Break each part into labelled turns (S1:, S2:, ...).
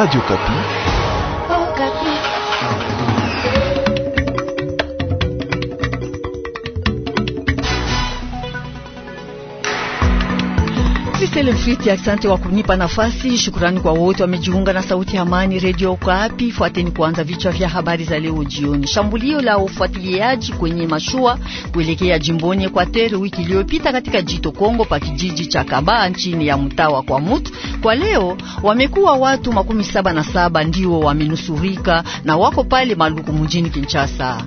S1: Radio Kapi.
S2: Marcel Mfriti, asante wa kunipa nafasi. Shukrani kwa wote wamejiunga na Sauti ya Amani Radio kapi Fuateni kuanza vichwa vya habari za leo jioni. Shambulio la ufuatiliaji kwenye mashua kuelekea jimboni Ekwateri wiki iliyopita katika jito Kongo pa kijiji cha Kaba chini ya mtawa kwa mutu kwa leo wamekuwa watu makumi saba na saba ndio wamenusurika na wako pale Maluku mjini Kinshasa.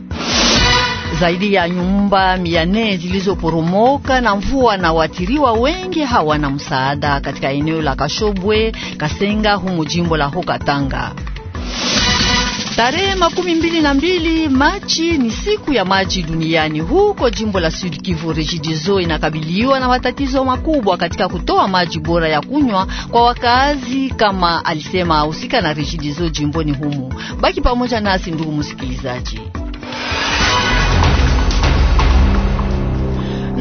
S2: Zaidi ya nyumba mia nne zilizoporomoka na mvua na watiriwa wengi hawana msaada katika eneo la Kashobwe Kasenga humu jimbo la Hokatanga. Tarehe makumi mbili na mbili Machi ni siku ya maji duniani. Huko jimbo la Sud Kivu, Regideso inakabiliwa na matatizo makubwa katika kutoa maji bora ya kunywa kwa wakazi kama alisema ahusika na Regideso jimboni humo. Baki pamoja nasi ndugu msikilizaji.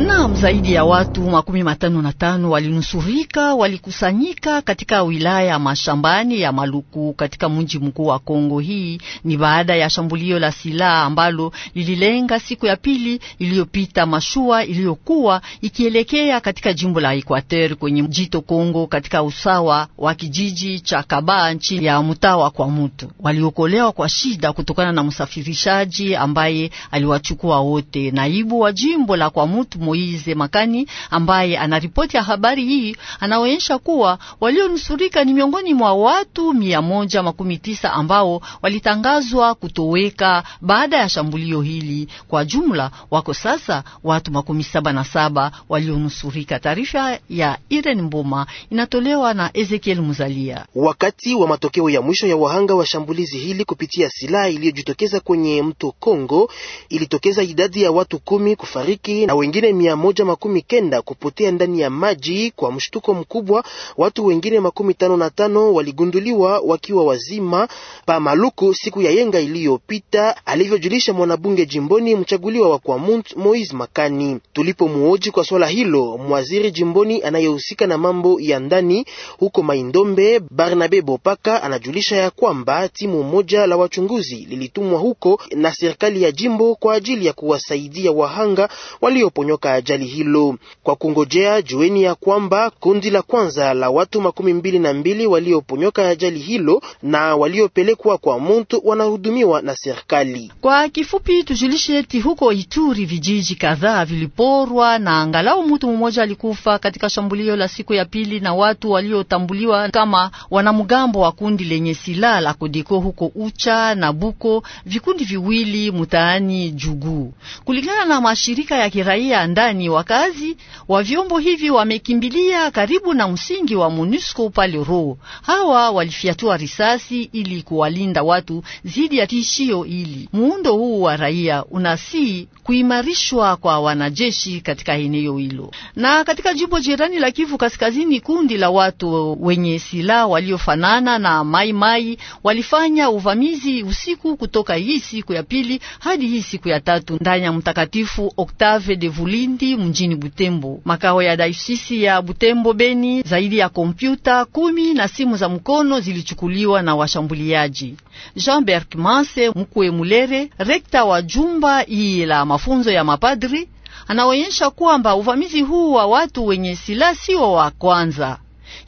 S2: Naam, zaidi ya watu makumi matano na tano walinusurika walikusanyika katika wilaya ya mashambani ya Maluku katika mji mkuu wa Kongo. Hii ni baada ya shambulio la silaha ambalo lililenga siku ya pili iliyopita mashua iliyokuwa ikielekea katika jimbo la Equateur kwenye jito Kongo katika usawa wa kijiji cha Kaba nchi ya mtawa kwa mutu Waliokolewa kwa shida kutokana na msafirishaji ambaye aliwachukua wote. Naibu wa jimbo la kwa mutu Moize Makani ambaye anaripoti ya habari hii anaonyesha kuwa walionusurika ni miongoni mwa watu mia moja makumi tisa ambao walitangazwa kutoweka baada ya shambulio hili. Kwa jumla wako sasa watu makumi saba na saba walionusurika. Taarifa ya Irene Mboma inatolewa na Ezekiel Muzalia.
S1: Wakati wa matokeo ya mwisho ya wahanga wa shambulizi hili kupitia silaha iliyojitokeza kwenye mto Kongo ilitokeza idadi ya watu kumi kufariki na wengine mia moja makumi kenda kupotea ndani ya maji kwa mshtuko mkubwa. Watu wengine makumi tano na tano waligunduliwa wakiwa wazima pa Maluku siku ya yenga iliyopita, alivyojulisha mwanabunge jimboni mchaguliwa wa Kwamunt Moise Makani. Tulipomuoji kwa swala hilo, mwaziri jimboni anayehusika na mambo ya ndani huko Maindombe, Barnabe Bopaka, anajulisha ya kwamba timu moja la wachunguzi lilitumwa huko na serikali ya jimbo kwa ajili ya kuwasaidia wahanga walioponyoka kutoka ajali hilo. Kwa kungojea, jueni ya kwamba kundi la kwanza la watu makumi mbili na mbili walioponyoka ajali hilo na waliopelekwa kwa Muntu wanahudumiwa na serikali.
S2: Kwa kifupi, tujulishe eti huko Ituri vijiji kadhaa viliporwa na angalau mtu mmoja alikufa katika shambulio la siku ya pili na watu waliotambuliwa kama wanamgambo wa kundi lenye silaha la Kodeko huko Ucha na Buko, vikundi viwili mtaani Jugu, kulingana na mashirika ya kiraia ndani, wakazi wa vyombo hivi wamekimbilia karibu na msingi wa MONUSCO pale ro Hawa walifyatua risasi ili kuwalinda watu dhidi ya tishio hili. Muundo huu wa raia unasi kuimarishwa kwa wanajeshi katika eneo hilo. Na katika jimbo jirani la Kivu Kaskazini, kundi la watu wenye silaha waliofanana na Mai Mai walifanya uvamizi usiku kutoka hii siku ya pili hadi hii siku ya tatu ndani ya mtakatifu Octave de Vuli Malindi mjini Butembo. Makao ya daisisi ya Butembo Beni, zaidi ya kompyuta kumi na simu za mkono zilichukuliwa na washambuliaji. Jean Berkmase Mkwe Mulere, rekta wa jumba hii la mafunzo ya mapadri, anaonyesha kwamba uvamizi huu wa watu wenye silaha sio wa kwanza.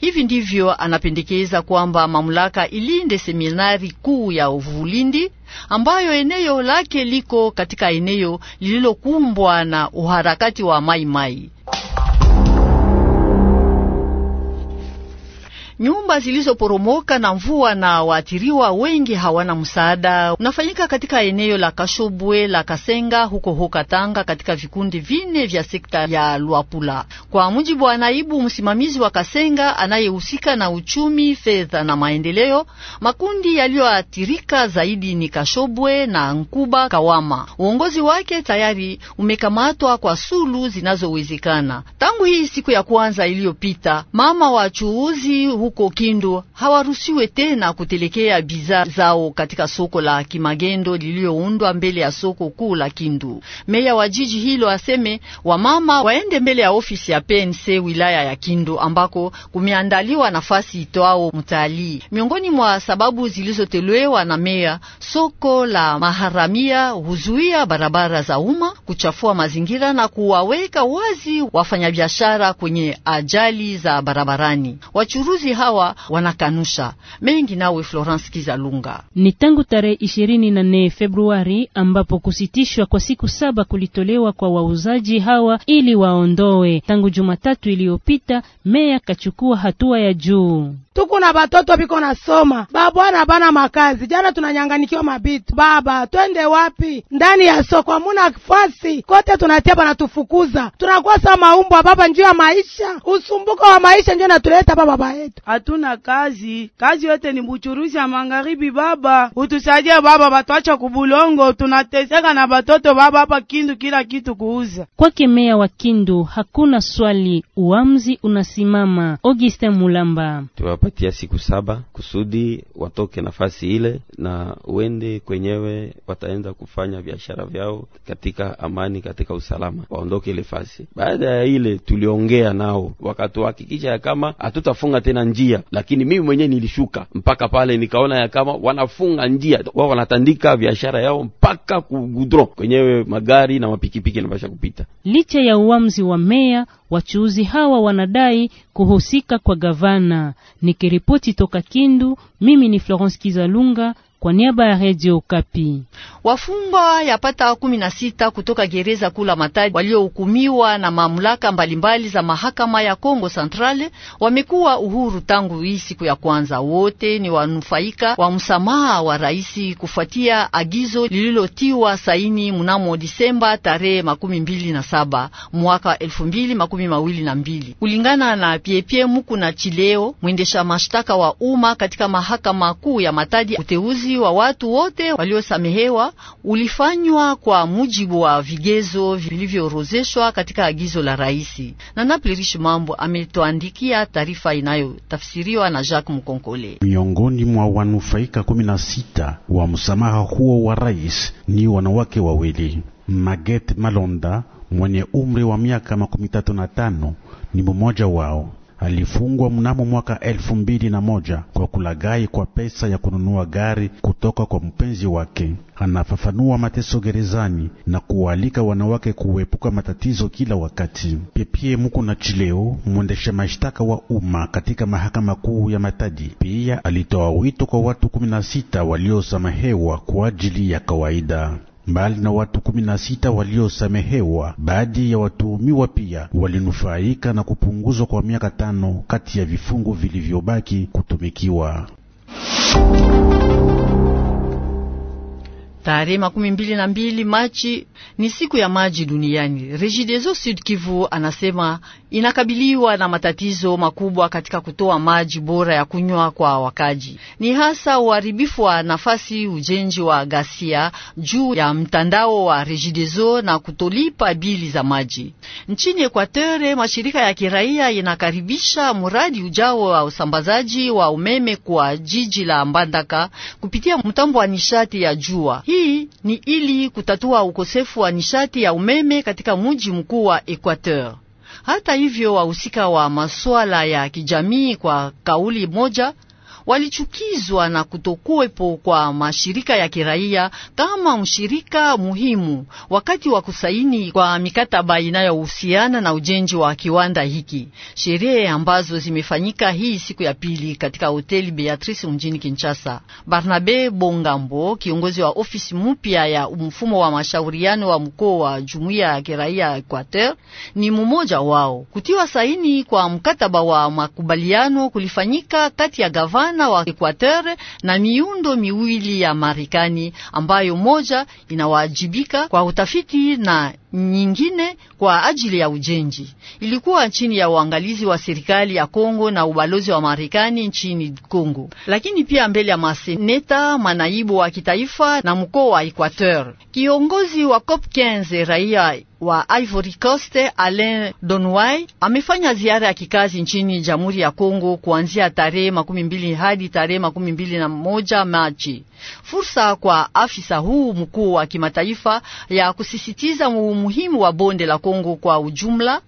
S2: Hivi ndivyo anapendekeza kwamba mamlaka ilinde seminari kuu ya Uvulindi ambayo eneo lake liko katika eneo lililokumbwa na uharakati wa Maimai mai. Nyumba zilizoporomoka na mvua na waathiriwa wengi hawana msaada. Unafanyika katika eneo la Kashobwe la Kasenga huko Hokatanga katika vikundi vine vya sekta ya lwapula kwa mujibu wa naibu msimamizi wa Kasenga anayehusika na uchumi, fedha na maendeleo. Makundi yaliyoathirika zaidi ni Kashobwe na Nkuba Kawama. Uongozi wake tayari umekamatwa kwa sulu zinazowezekana tangu hii siku ya kwanza iliyopita. Mama chuuzi huko Kindu hawaruhusiwe tena kutelekea bidhaa zao katika soko la Kimagendo lililoundwa mbele ya soko kuu la Kindu. Meya wa jiji hilo aseme wamama waende mbele ya ofisi ya PNC wilaya ya Kindu ambako kumeandaliwa nafasi itoao mtalii. Miongoni mwa sababu zilizotolewa na meya, soko la maharamia huzuia barabara za umma, kuchafua mazingira na kuwaweka wazi wafanyabiashara kwenye ajali za barabarani. Wachuruzi hawa wanakanusha mengi. Nawe Florence Kizalunga.
S3: Ni tangu tarehe ishirini na nne Februari ambapo kusitishwa kwa siku saba kulitolewa kwa wauzaji hawa ili waondoe. Tangu Jumatatu iliyopita, meya kachukua hatua ya juu tuku na
S1: batoto biko nasoma, babwana bana makazi. Jana tunanyanganikiwa mabitu, baba twende wapi? Ndani ya soko amuna fasi, kote tunatia banatufukuza, tunakuwa sawa maumbwa. Baba njuu ya maisha, usumbuko wa maisha njo natuleta baba baba yetu, hatuna kazi, kazi yote ni buchuruzi ya mangaribi. Baba utusaidie baba, batwacha kubulongo, tunateseka na batoto baba, hapa Kindu kila kitu kuuza.
S3: Kwake meya wa Kindu hakuna swali, uamzi unasimama. Augustin Mulamba
S4: Tuwapa watawapatia siku saba kusudi watoke nafasi ile na uende kwenyewe, wataenza kufanya biashara vyao katika amani, katika usalama, waondoke ile fasi. Baada ya ile tuliongea nao, wakatuhakikisha ya kama hatutafunga tena njia, lakini mimi mwenyewe nilishuka mpaka pale nikaona ya kama wanafunga njia, wao wanatandika biashara yao mpaka kugudron kwenyewe, magari na mapikipiki yanapasha kupita
S3: licha ya uamuzi wa meya Wachuuzi hawa wanadai kuhusika kwa gavana. Nikiripoti toka Kindu, mimi ni Florence Kizalunga kwa niaba ya Radio Okapi.
S2: Wafungwa yapata kumi na sita kutoka gereza kula Matadi waliohukumiwa na mamlaka mbalimbali za mahakama ya Kongo Centrale wamekuwa uhuru tangu hii siku ya kwanza. Wote ni wanufaika wa msamaha wa rais kufuatia agizo lililotiwa saini mnamo Disemba tarehe makumi mbili na saba mwaka elfu mbili makumi mawili na mbili kulingana na Piepie Muku na Chileo, mwendesha mashtaka wa umma katika mahakama kuu ya Matadi. Uteuzi wa watu wote waliosamehewa ulifanywa kwa mujibu wa vigezo vilivyoorozeshwa katika agizo la rais. na Riche Mambo ametoandikia taarifa inayotafsiriwa na Jacques Mkonkole.
S3: Miongoni mwa wanufaika 16 wa msamaha huo wa rais ni wanawake wawili. Maget Malonda mwenye umri wa miaka makumi tatu na tano ni mmoja wao alifungwa mnamo mwaka elfu mbili na moja kwa kulaghai kwa pesa ya kununua gari kutoka kwa mpenzi wake. Anafafanua mateso gerezani na kuwaalika wanawake kuepuka matatizo kila wakati. Pepie Muku na Chileo, mwendesha mashtaka wa umma katika mahakama kuu ya Matadi, pia alitoa wito kwa watu kumi na sita waliosamehewa kwa ajili ya kawaida mbali na watu kumi na sita waliosamehewa. Baadhi ya watuhumiwa pia walinufaika na kupunguzwa kwa miaka tano kati ya vifungo vilivyobaki kutumikiwa.
S2: Tarehe makumi mbili na mbili Machi ni siku ya maji duniani. Regideso Sud Kivu anasema inakabiliwa na matatizo makubwa katika kutoa maji bora ya kunywa kwa wakaji. Ni hasa uharibifu wa nafasi, ujenzi wa gasia juu ya mtandao wa Regideso na kutolipa bili za maji. Nchini Ekwatere, mashirika ya kiraia inakaribisha mradi ujao wa usambazaji wa umeme kwa jiji la Mbandaka kupitia mtambo wa nishati ya jua. Hii ni ili kutatua ukosefu wa nishati ya umeme katika mji mkuu wa Ekwateur. Hata hivyo, wahusika wa masuala ya kijamii kwa kauli moja walichukizwa na kutokuwepo kwa mashirika ya kiraia kama mshirika muhimu wakati wa kusaini kwa mikataba inayohusiana na ujenzi wa kiwanda hiki, sherehe ambazo zimefanyika hii siku ya pili katika hoteli Beatrice mjini Kinshasa. Barnabe Bongambo, kiongozi wa ofisi mpya ya mfumo wa mashauriano wa mkoa wa jumuiya ya kiraia Equateur, ni mmoja wao. Kutiwa saini kwa mkataba wa makubaliano kulifanyika kati ya gavana gavana wa Equateur na miundo miwili ya Marekani ambayo moja inawajibika kwa utafiti na nyingine kwa ajili ya ujenzi. Ilikuwa chini ya uangalizi wa serikali ya Kongo na ubalozi wa Marekani nchini Kongo, lakini pia mbele ya maseneta, manaibu wa kitaifa na mkoa wa Equateur. Kiongozi wa COP 15 raia wa Ivory Coast Alain donway amefanya ziara ya kikazi nchini Jamhuri ya Kongo kuanzia tarehe makumi mbili hadi tarehe makumi mbili na moja Machi. Fursa kwa afisa huu mkuu wa kimataifa ya kusisitiza umuhimu umuhimu wa bonde la Kongo kwa ujumla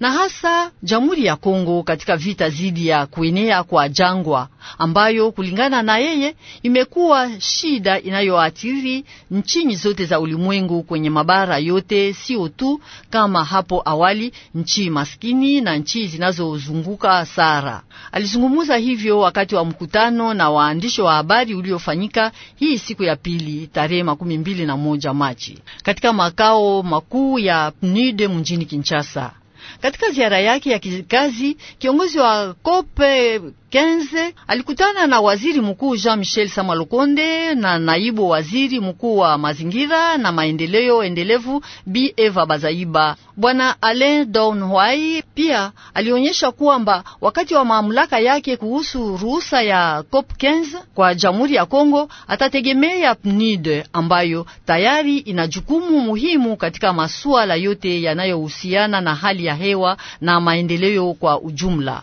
S2: na hasa Jamhuri ya Kongo katika vita dhidi ya kuenea kwa jangwa ambayo kulingana na yeye imekuwa shida inayoathiri nchini zote za ulimwengu kwenye mabara yote, sio tu kama hapo awali nchi maskini na nchi zinazozunguka Sahara. Alizungumza hivyo wakati wa mkutano na waandishi wa habari uliofanyika hii siku ya pili tarehe makumi mbili na moja Machi katika makao makuu ya PNUD mjini Kinshasa. Katika ziara yake ya kikazi, kiongozi wa kope 15 alikutana na waziri mkuu Jean Michel samalokonde na naibu waziri mkuu wa mazingira na maendeleo endelevu Bi Eva Bazaiba. Bwana Alain donhwai pia alionyesha kwamba wakati wa mamlaka yake kuhusu ruhusa ya COP 15 kwa Jamhuri ya Kongo atategemea PNID ambayo tayari ina jukumu muhimu katika masuala yote yanayohusiana na hali ya hewa na maendeleo kwa ujumla.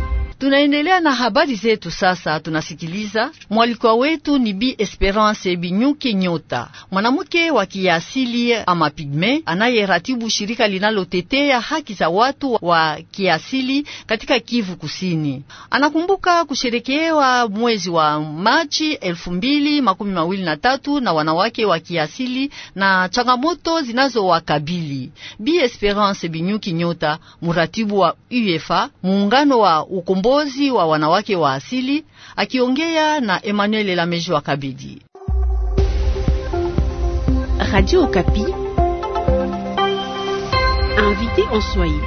S2: Tunaendelea na habari zetu. Sasa tunasikiliza mwalikwa wetu ni Bi Esperance Binyuki Nyota, mwanamke wa kiasili ama pigme anayeratibu shirika linalotetea haki za watu wa kiasili katika Kivu Kusini. Anakumbuka kusherekewa mwezi wa Machi elfu mbili makumi mawili na tatu na wanawake wa kiasili na changamoto zinazowakabili. Bi Esperance Binyuki Nyota, muratibu wa UEFA, muungano wa ukombo kiongozi wa wanawake wa asili, akiongea na Emmanuel Lameji wa Kabidi. Radio Kapi.
S1: invité en Swahili.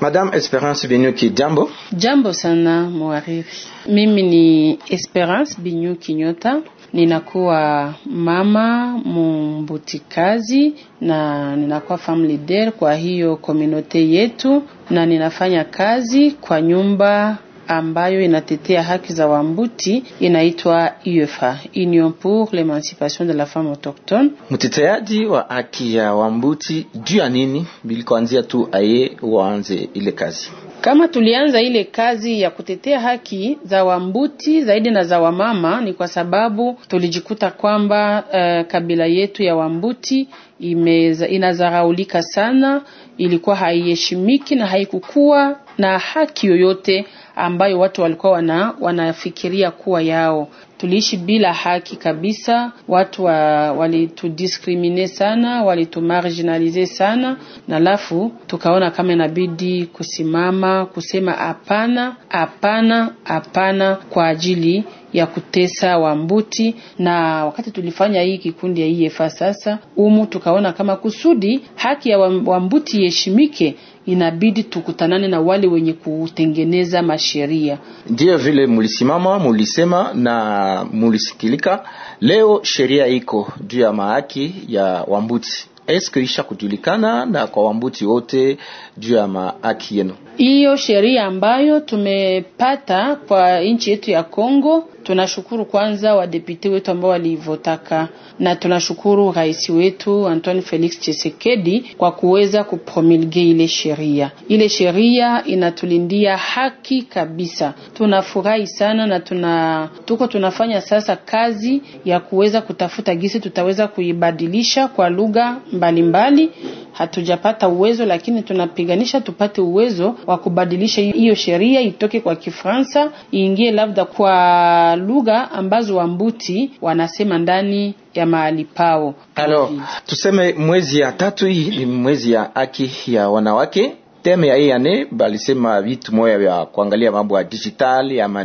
S4: Madame Esperance Binyuki, jambo.
S1: Jambo sana mwariri. Mimi ni Esperance Binyuki Nyota ninakuwa mama mumbutikazi na ninakuwa farm leader kwa hiyo komunote yetu, na ninafanya kazi kwa nyumba ambayo inatetea haki za Wambuti inaitwa UFA, e Union pour l'Emancipation de la Femme Autochtone.
S4: Mteteaji wa haki ya Wambuti juu ya nini bilikuanzia tu aye waanze ile kazi?
S1: Kama tulianza ile kazi ya kutetea haki za Wambuti zaidi na za wamama, ni kwa sababu tulijikuta kwamba uh, kabila yetu ya Wambuti imeza, inazaraulika sana, ilikuwa haiheshimiki na haikukua na haki yoyote ambayo watu walikuwa wana, wanafikiria kuwa yao. Tuliishi bila haki kabisa, watu wa, walitudiskrimine sana, walitumarginalize sana, na alafu tukaona kama inabidi kusimama kusema hapana, hapana, hapana kwa ajili ya kutesa Wambuti, na wakati tulifanya hii kikundi ya IFA e sasa umu, tukaona kama kusudi haki ya Wambuti iheshimike inabidi tukutanane na wale wenye kutengeneza masheria.
S4: Ndiyo vile mulisimama, mulisema na mulisikilika. Leo sheria iko juu ya mahaki ya Wambuti, eske isha kujulikana na kwa Wambuti wote juu ya mahaki yenu.
S1: Hiyo sheria ambayo tumepata kwa nchi yetu ya Kongo, tunashukuru kwanza wadepute wetu ambao walivotaka, na tunashukuru rais wetu Antoine Felix Tshisekedi kwa kuweza kupromulge ile sheria. Ile sheria inatulindia haki kabisa. Tunafurahi sana na tuna tuko tunafanya sasa kazi ya kuweza kutafuta gisi tutaweza kuibadilisha kwa lugha mbalimbali. Hatujapata uwezo lakini tunapiga tunapiganisha tupate uwezo wa kubadilisha hiyo sheria itoke kwa Kifaransa iingie labda kwa lugha ambazo Wambuti wanasema ndani ya mahali pao.
S4: Alors, tuseme mwezi ya tatu hii ni mwezi ya haki ya wanawake teme ya hii ane balisema vitu moya vya kuangalia mambo ya digital ama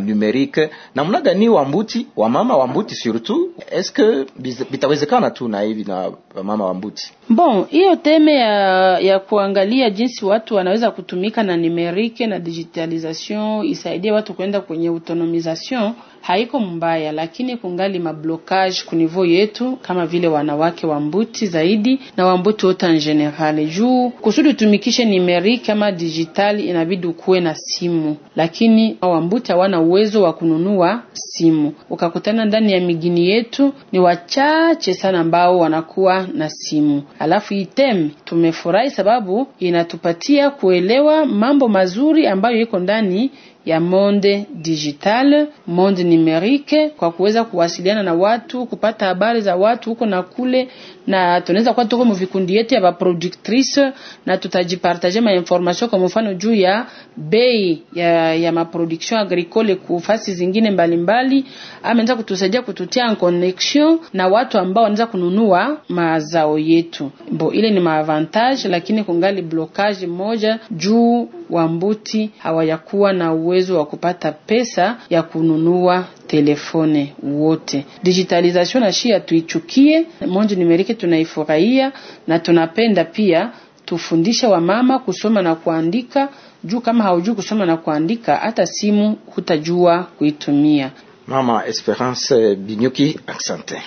S4: wa mbuti wa mama wamama mbuti surtout que bitawezekana tu na hivi na wamama mbuti
S1: Bon, hiyo teme ya, ya kuangalia jinsi watu wanaweza kutumika na numerique na digitalisation isaidie watu kwenda kwenye autonomisation haiko mbaya, lakini kungali mablokage kunivo yetu kama vile wanawake wa mbuti zaidi na wa mbuti wote en general. Juu kusudi utumikishe nimeri kama dijitali, inabidi ukuwe na simu, lakini wambuti hawana uwezo wa kununua simu. Ukakutana ndani ya migini yetu ni wachache sana ambao wanakuwa na simu. Alafu item tumefurahi sababu inatupatia kuelewa mambo mazuri ambayo iko ndani ya monde digital, monde numerique, kwa kuweza kuwasiliana na watu, kupata habari za watu huko na kule na tunaweza kuwa tuko mvikundi yetu ya baproductrice na tutajipartaje ma information kwa mfano juu ya bei ya, ya maproduction agricole kufasi zingine mbalimbali, ameanza kutusaidia kututia en connection na watu ambao wanaweza kununua mazao yetu. Bo, ile ni maavantage, lakini kungali blocage moja juu wa mbuti hawayakuwa na uwezo wa kupata pesa ya kununua telefone wote. Digitalization na shia tuichukie, monji nimerike tunaifurahia na tunapenda pia tufundishe wamama kusoma na kuandika, juu kama haujui kusoma na kuandika hata simu hutajua kuitumia.
S4: Mama Esperance Binyuki, asante.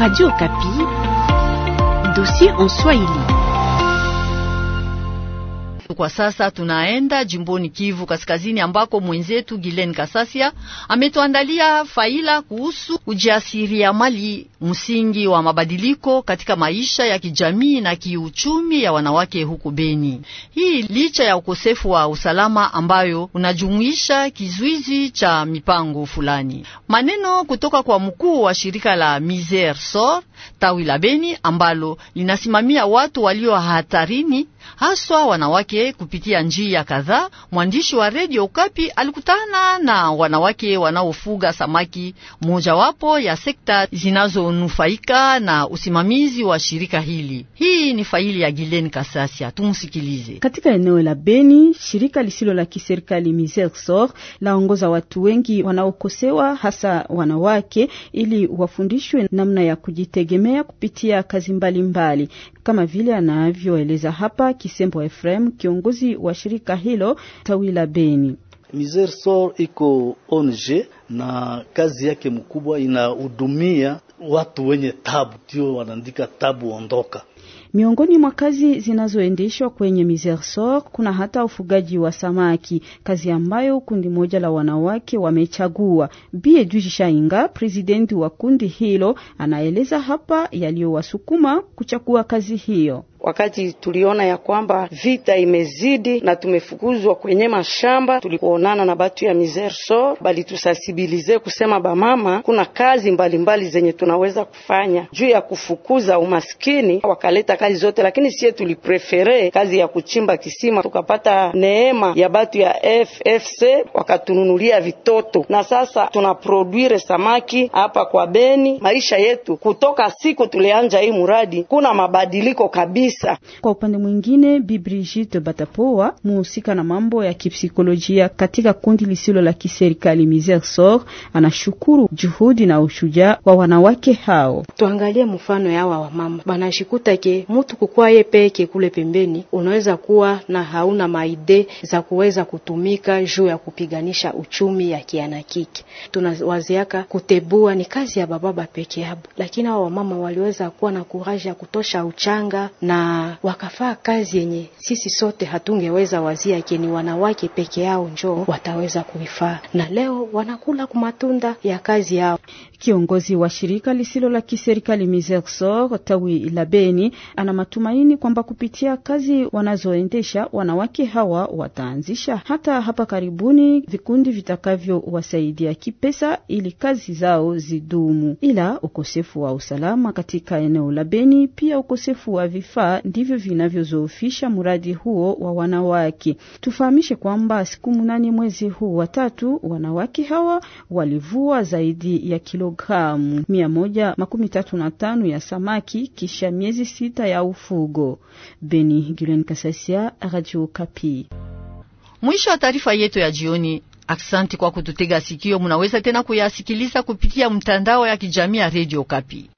S2: Radio Kapi, dossier en Swahili. Kwa sasa tunaenda jimboni Kivu Kaskazini ambako mwenzetu Gilen Kasasia ametuandalia faila kuhusu ujasiriamali, msingi wa mabadiliko katika maisha ya kijamii na kiuchumi ya wanawake huku Beni. Hii licha ya ukosefu wa usalama ambayo unajumuisha kizuizi cha mipango fulani. Maneno kutoka kwa mkuu wa shirika la Miser Sor tawi la Beni ambalo linasimamia watu walio hatarini haswa wanawake wake kupitia njia kadhaa. Mwandishi wa redio Okapi alikutana na wanawake wanaofuga samaki, mojawapo ya sekta zinazonufaika na usimamizi wa shirika hili. Hii ni faili ya Gilen Kasasia, tumsikilize.
S3: Katika eneo la Beni, shirika lisilo la kiserikali Misersor laongoza watu wengi wanaokosewa, hasa wanawake, ili wafundishwe namna ya kujitegemea kupitia kazi mbalimbali mbali. Kama vile anavyoeleza hapa Kisembo Efrem kiongozi wa shirika hilo tawila beni miser sor iko ONG na kazi yake mkubwa inahudumia watu wenye tabu, ndio wanaandika tabu ondoka. Miongoni mwa kazi zinazoendeshwa kwenye Misersor kuna hata ufugaji wa samaki, kazi ambayo kundi moja la wanawake wamechagua. Bie Shainga, presidenti wa kundi hilo, anaeleza hapa yaliyowasukuma kuchagua kazi hiyo wakati tuliona ya kwamba vita imezidi na tumefukuzwa kwenye mashamba, tulikuonana na batu ya Misersor balitusasibilize kusema bamama, kuna kazi mbalimbali mbali zenye tunaweza kufanya juu ya kufukuza umaskini. Wakaleta kazi zote, lakini sie tuliprefere kazi ya kuchimba kisima. Tukapata neema ya batu ya FFC wakatununulia vitoto, na sasa tunaproduire samaki hapa kwa Beni. Maisha yetu kutoka siku tulianja hii muradi, kuna mabadiliko kabisa kabisa. Kwa upande mwingine, Bi Brigitte Batapoa, muhusika na mambo ya kipsikolojia katika kundi lisilo la kiserikali Misere Sor, anashukuru juhudi na ushujaa wa wanawake hao. Tuangalie mfano yawa wamama banashikuta ke mutu kukwaye peke kule pembeni, unaweza kuwa na hauna maide za kuweza kutumika juu ya kupiganisha uchumi ya kiana kike. Tunawaziaka kutebua ni kazi ya bababa peke yabo, lakini awa wamama waliweza kuwa na kuraji ya kutosha uchanga na wakafaa kazi yenye sisi sote hatungeweza wazia keni wanawake peke yao njoo wataweza kuifaa, na leo wanakula kumatunda ya kazi yao. Kiongozi wa shirika lisilo la kiserikali Misersor tawi la Beni ana matumaini kwamba kupitia kazi wanazoendesha wanawake hawa wataanzisha hata hapa karibuni vikundi vitakavyowasaidia kipesa ili kazi zao zidumu. Ila ukosefu wa usalama katika eneo la Beni, pia ukosefu wa vifaa ndivyo vinavyozoofisha mradi huo wa wanawake. Tufahamishe kwamba siku munane mwezi huu wa tatu wanawake hawa walivua zaidi ya kilo kilogramu mia moja makumi tatu na tano ya samaki kisha
S2: miezi sita ya ufugo. Beni Gulen Kasasia, Radio Kapi. Mwisho wa taarifa yetu ya jioni. Aksanti kwa kututega sikio. Munaweza tena kuyasikiliza kupitia mtandao ya kijamii ya Radio Kapi.